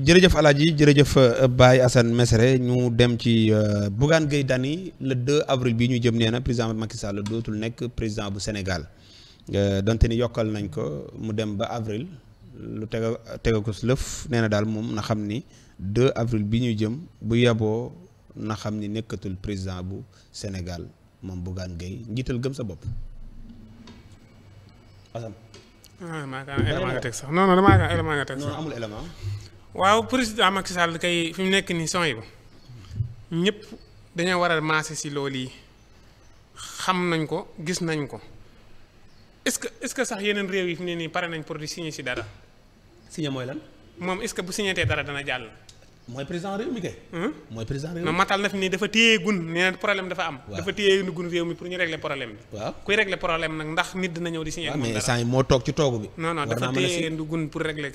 jërëjëf Alaaji jërëjëf euh, Baye Assane Mesere ñu dem ci euh, Bougane géey Dany le 2 avril bi ñu jëm nee na président Macky Sall dootul nekk président bu senegal euh, donte ni yokkal nañ ko mu dem ba avril lu tega tega ko si lëf nee na daal moom na xam ni 2 avril bi ñu jëm bu yeboo na xam ni nekkatul président bu Sénégal moom Bougane Gueye njiital gëm sa bopp Assane. Ah, waaw président Macky Sall kay fi mu nekk nii son yi ba ñëpp dañoo war a maase si loolu yi xam nañ ko gis nañ ko est-ce que est-ce que sax yeneen réew yi fi mu ne nii pare nañ pour di signé si dara. signé mooy lan. moom est-ce que bu signé dara dana jàll. mooy président réew mi kay. Hmm? matal na fi nii dafa téye gun nee na problème dafa am. dafa téye gun réew mi pour ñu régler problème bi. kuy régler problème nag ndax nit dina ñëw di. signé moom dara mais moo toog ci toogu bi. war naa a non non dafa téye gun pour régler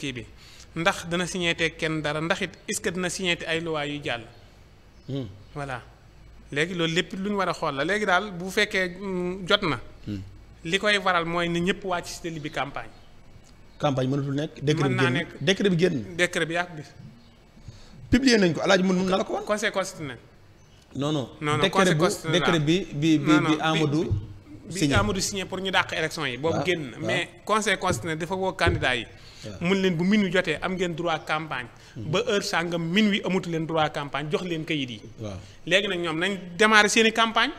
ndax dana signéete kenn dara ndax it est-ce que dina signéete ay loi yu jàll. Hmm. voilà léegi loolu lépp lu ñu war a xool la léegi daal bu fekkee hmm, jot na. Hmm. li koy waral mooy ni ñëpp wàcc ci télé bi campagne. campagne mënatul nekk. mën naa nekk décret bi génn décret bi yàq bi. publier nañ ko alaaji mën na la ko wan. conseil constitutionnel. non non non décret bu décret bi bi bi bi Amadou. signé bi Amadou signé pour ñu dàq élection yi. boobu génn mais conseil constitutionnel dafa woo candidat yi. mun leen bu minuit jotee am ngeen droit campagne ba heure sàngam minuit amatu leen droit campagne jox leen kayit yi léegi nag ñoom nañ démarrer seen i campagne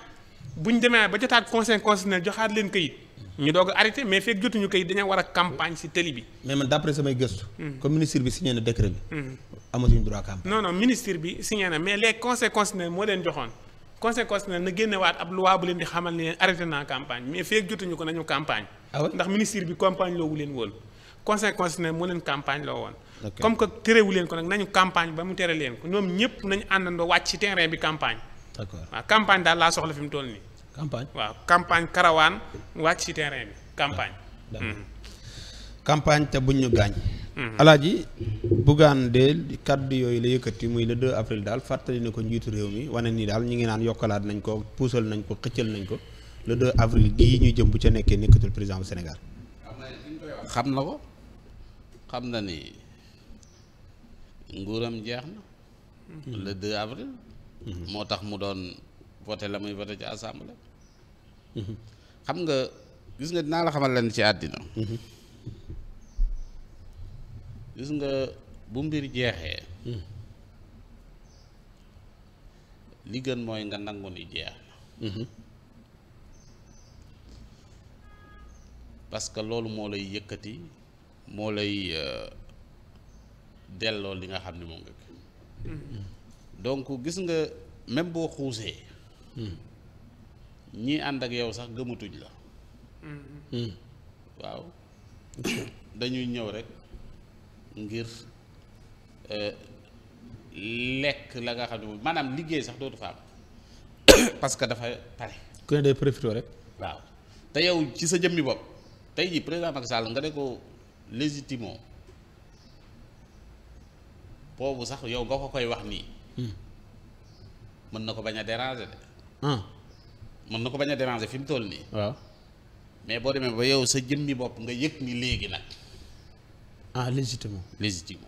bu ñu demee ba jotaat conseil constitutionnel joxaat leen kayit ñu doog a mais fekk jotuñu kayit dañoo war a campagne si télé bi mais man d'après samay gëstu hmm. comme ministre bi signé na décret bi hmm. amatuñu droit mais les conseil constitutionnel moo leen joxoon conseil constitutionnel na génnewaat ab bu leen di xamal ne arrêté naa campagne mais fekk ko nañu campagne ah ndax ministir bi campagne loogu leen woon conseil constitutionnel moo leen campagne loo woon. comme que terewu leen ko nag nañu campagne ba mu tere leen ko ñoom ñëpp nañu àndandoo wàcc ci terrain bi campagne. d'accord waaw campagne daal laa soxla fi mu toll nii. campagne waaw campagne karawaan wàcc ci terrain bi campagne. Ah, hmm. campagne te buñ ñu gaañ. Hmm. alaaji Bougane de kaddu yooyu la yëkkati muy le 2 avril daal fàttali na ko njiitu réew mi wane ni daal ñu ngi naan yokkalaat nañ ko puusal nañ ko xëccal nañ ko le 2 avril gii ñu jëm bu ca nekkee nekkatul président bu Sénégal. xam na ko. xam na ni nguuram jeex na. Mhm. le 2 avril. Mhm. moo tax mu doon voté la muy voté ci assemblée. Mhm. xam nga gis nga dinaa la xamal leen ci àddina. gis nga bu mbir jeexee. li gën mooy nga nangu ni jeex na. parce que loolu moo lay yëkkati. moo lay euh, delloo li nga xam ne moom nga mm-hmm. donc gis nga même boo xuusee mm-hmm. ñii ànd ak yow sax gëmatuñ la mm-hmm. waaw dañuy ñëw rek ngir euh, lekk la nga xam ne moom maanaam liggéey sax dootu fa am parce que dafa pare ku ne day profité rek waaw te yow ci sa jëmmi bopp tey jii président Macky Sall nga ne ko légitimo poobu sax yow nga ko koy wax nii. Hmm. mën na ko bañ a déranger de. Ah. mën na ko bañ a déranger fi mu toll nii. waaw mais boo demee ba yow sa jëmmi bopp nga yëg ni léegi nag. ah légitimo. légitimo.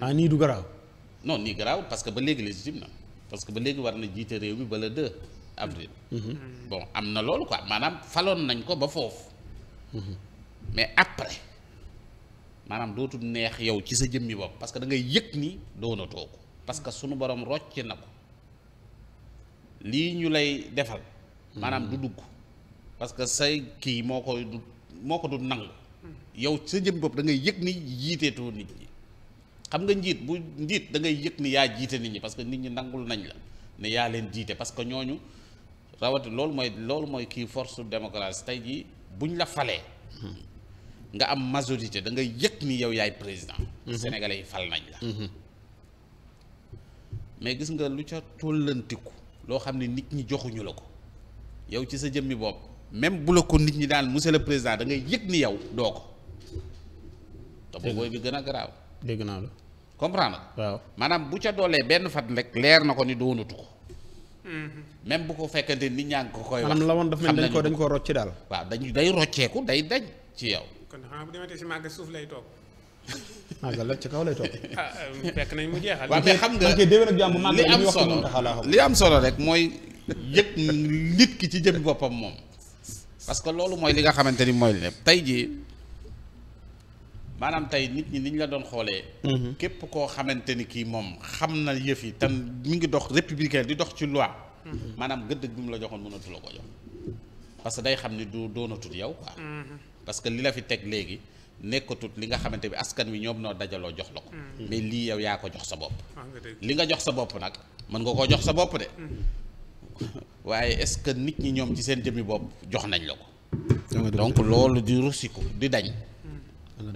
ah nii du garaaw. non nii garaaw parce que ba léegi légitime na parce que ba léegi war na jiite réew mi bala le 2 avril. Mm-hmm. bon am na loolu quoi maanaam faloon nañ ko ba foofu. Mm-hmm. mais après. maanaam dootul neex yow ci sa jëmmi bopp parce que da ngay yëg ni doonatoo toog parce que sunu borom rocc na ko lii ñu lay defal maanaam du dugg parce que say kii moo ko du moo ko du nangu yow sa jëmmi bopp da ngay yëg ni jiiteetoo nit ñi xam nga njiit bu njiit da ngay yëg ni yaa jiite nit ñi parce que nit ñi nangul nañ la ne yaa leen jiite parce que ñooñu rawati loolu mooy loolu mooy kii force démocratie tey jii buñ la falee hmm. nga am majorité da nga yëg ni yow yaay président. Mhm. sénégalais yi fal nañ la. Mhm. mais gis nga lu ca tollantiku loo xam ne nit ñi joxuñu la ko yow ci sa jëmmi bopp même bu la ko nit ñi daal monsieur le président da ngay yëg ni yow doo ko. te boobu bi gën a garaaw. dégg naa la. comprendre waaw maanaam bu ca doolee benn fat rek leer na ko ni doonatu ko. Mhm. même bu ko fekkante nit ñaa ngi ko koy wax. xam nañu ko maanaam la woon dafa mel dañ ko dañ ko rocci daal. waaw dañ day rocceeku day dañ ci yow. kon xam bu dematee si lay toog. màggal ci kaw lay toog. ah um, fekk nañ mu jeexal. waaw mais xam nga li am solo li am solo rek mooy yëg nit ki ci jëmmi boppam moom. parce que loolu mooy li nga xamante ni mooy lépp tey jii maanaam tey nit ñi ni ñu la doon xoolee. Mm-hmm. képp koo xamante ni kii moom xam na yëf yi tam mi ngi dox républicain di dox ci loi. Mm-hmm. maanaam gëdd bi mu la joxoon mënatu la ko jox. parce que day xam ni du doonatul yow quoi. Mm-hmm. parce que li la fi teg léegi nekkatut li nga xamante bi askan wi ñoom noo dajaloo jox la ko. Hmm. Hmm. mais lii yow yaa ko jox sa bopp. Ah, li nga jox sa bopp nag mën nga koo jox sa bopp de. Hmm. waaye est nit ñi ñoom ci seen jëmmi bopp jox nañ la ko. donc loolu di rusiku di dañ.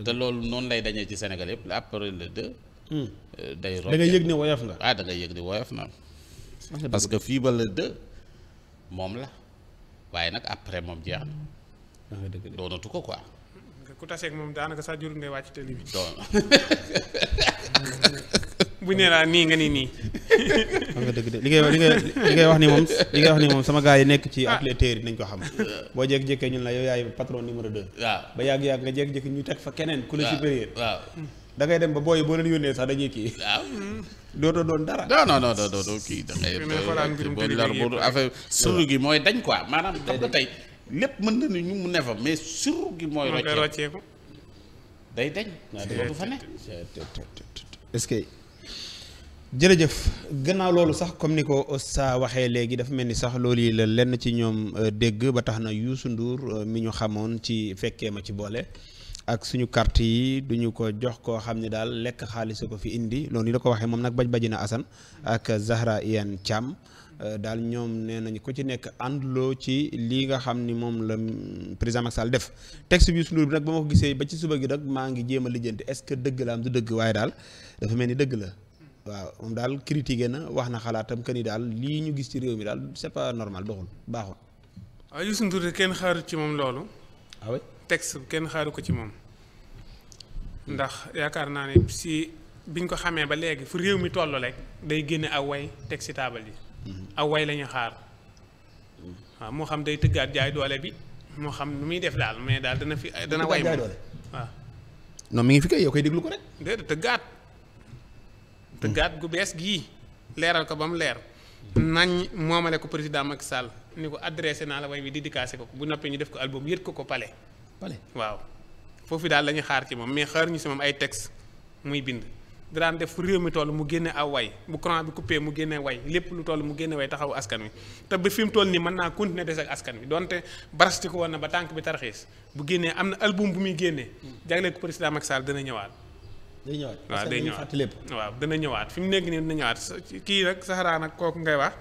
te loolu noonu lay dañee ci Sénégal yëpp après le deux. Euh, day yëg ne woyof na ah da ngay yëg ne woyof ah, parce que fii ba le deux la waaye nag après moom jeex na. doonatu ko ko quoi. ku taseeg moom daanaka sax jur ngay wàcc télé bi. bu nee laa nii nga ni nii. xam dëgg de li ngay li ngay li ngay wax ni moom li ngay wax ni moom sama gaa yi nekk ci ah. atelier yi nañ ko xam. boo jékki-jékkee ñun la yow yaay patron numéro de waaw ba yàgg-yàgg nga jékki-jékki ñu teg fa keneen. ku la supérieur waaw. da ngay dem ba booy boo leen yónnee sax dañuy kii. waaw dootoo doon dara. non non non non non kii da ngay. affaire solo gi mooy dañ quoi maanaam tey. lépp mën na ni ñu mu ne fa mais sur gi mooy rocceeku day dañ naa du fa ne est-ce que jërëjëf gannaaw loolu sax comme ni ko sa waxee léegi dafa mel ni sax loolu yi la lenn ci ñoom euh, dégg ba tax na yuusu nduur euh, mi ñu xamoon ci fekkee ma ci boole ak suñu kart yi duñu ko jox koo xam ne daal lekk xaalis ko fi indi loolu ni la ko waxee moom nag baj baji na Assane ak Zahra Iyane Thiam Euh, daal ñoom nee nañu ku ci nekk ànduloo ci lii nga xam ni moom la président Macky Sall def texte bi sunu bi nag ba ma ko gisee ba ci suba gi nag maa ngi jéem a lijjanti est-ce que dëgg la am du dëgg waaye daal dafa mel ni dëgg la waaw moom daal critiqué na wax na xalaatam que ni daal lii ñu gis ci réew mi daal c'est pas normal doxul baaxul. waaw Youssou Ndour kenn xaaru ci moom loolu. ah kenn xaaru ko ci moom. ndax yaakaar naa ne si biñ ko xamee ba léegi fu réew mi toll rek day génne aw way teg si taabal yi. aw way la xaar waaw moo xam day tëggaat jaay doole bi moo xam nu muy def daal mais daal dana fi dana way jaay doole mi ngi fi kay yow koy déglu ko rek déedéet tëggaat tëggaat gu bees gii leeral ko ba mu leer nañ moomale ko président Macky Sall ni ko adressé naa la way bi dédicacé ko ko bu noppee ñu def ko album yët ko ko pale pale waaw foofu daal la xaar ci moom mais xaar ñu si moom ay texte muy bind daan def fu réew mi toll mu génne aw way bu courant bi coupé mu génne way lépp lu toll mu génne way taxawu askan wi te ba fi mu toll nii mën naa continuer des ak askan wi donte barasti ko woon na ba tànk bi tarxiis bu génnee am na album bu muy génnee jagleel ko président Macky Sall dana ñëwaat day ñëwaat waaw day ñëwaat lépp waaw dana ñëwaat fi mu nekk nii dina ñëwaat kii rek saxaraa kooku ngay wax